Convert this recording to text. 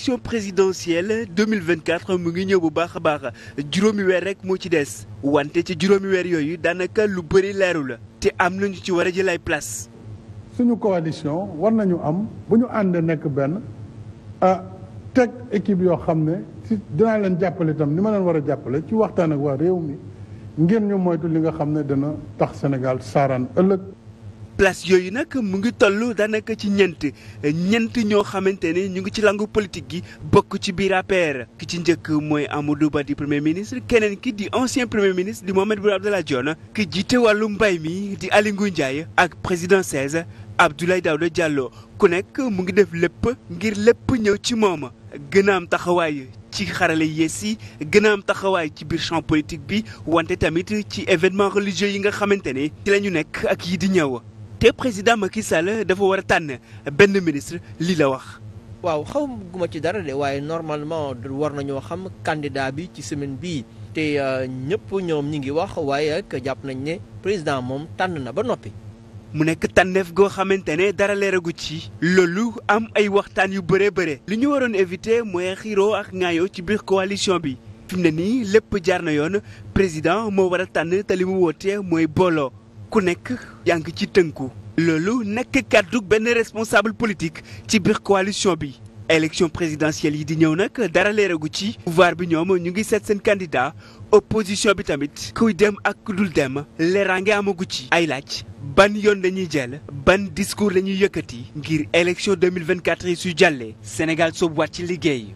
élection présidentielle 2024 mu ngi ñëw bu baax a baax juróomi weer rek moo ci des wante ci juróomi weer yooyu daanaka lu bëri leeru la te am nañu ci war a jël ay place suñu coalition war nañu am bu ñu ànd nekk benn a teg équipe yoo xam ne si dinaa leen jàppale itam ni ma leen war a jàppale ci waxtaan ak waa réew mi ngir ñu moytu li nga xam ne dina tax Sénégal saaraan ëllëg place yooyu nag mu ngi toll daanaka ci ñeent ñeent ñoo xamante ni ñu ngi ci langu politique gi bokk ci biir APR ki ci njëkk mooy Amadou Ba di premier ministre keneen ki di ancien premier ministre di Mahammed Boun Abdallah Dionne ki jiite wàllu mbay mi di Aly Ngouille Ndiaye ak président Seize Abdoulaye Daouda jàlloo ku nekk mu ngi def lépp ngir lépp ñëw ci mooma gën a am taxawaay ci xarale yees yi gën a am taxawaay ci biir champ politique bi wante tamit ci événement religieux yi nga xamante ne ci la ñu nekk ak yi di ñëw te président ma Macky Sall dafa war a tànn benn ministre lii la wax. waaw xaw guma ci dara de waaye normalement war nañoo xam kandidaa bi ci semaine bii te euh, ñëpp ñoom ñi ngi wax waaye ak jàpp nañ ne président moom tànn na ba noppi. mu nekk tànneef goo xamante ne dara leeragu ci. loolu am ay waxtaan yu bëree bëre. li ñu waroon invité mooy xiiroo ak ŋaayoo ci biir coalition bi. fi mu ne nii lépp jaar na yoon président moo war a tànn te li mu woote mooy booloo. ku nekk yaa ci tënku. loolu nekk kàddu benn responsable politique ci biir coalition bi. élection présidentielle yi di ñëw nag dara leeragu ci. pouvoir bi ñoom ñu ngi seet seen candidat opposition bi tamit. kuy dem ak ku dul dem. ngi amagu ci. ay laaj ban yoon lañuy jël. ban discours lañuy yëkkati. ngir élection 2024 yi su jàllee. Sénégal soobuwaat ci liggéey.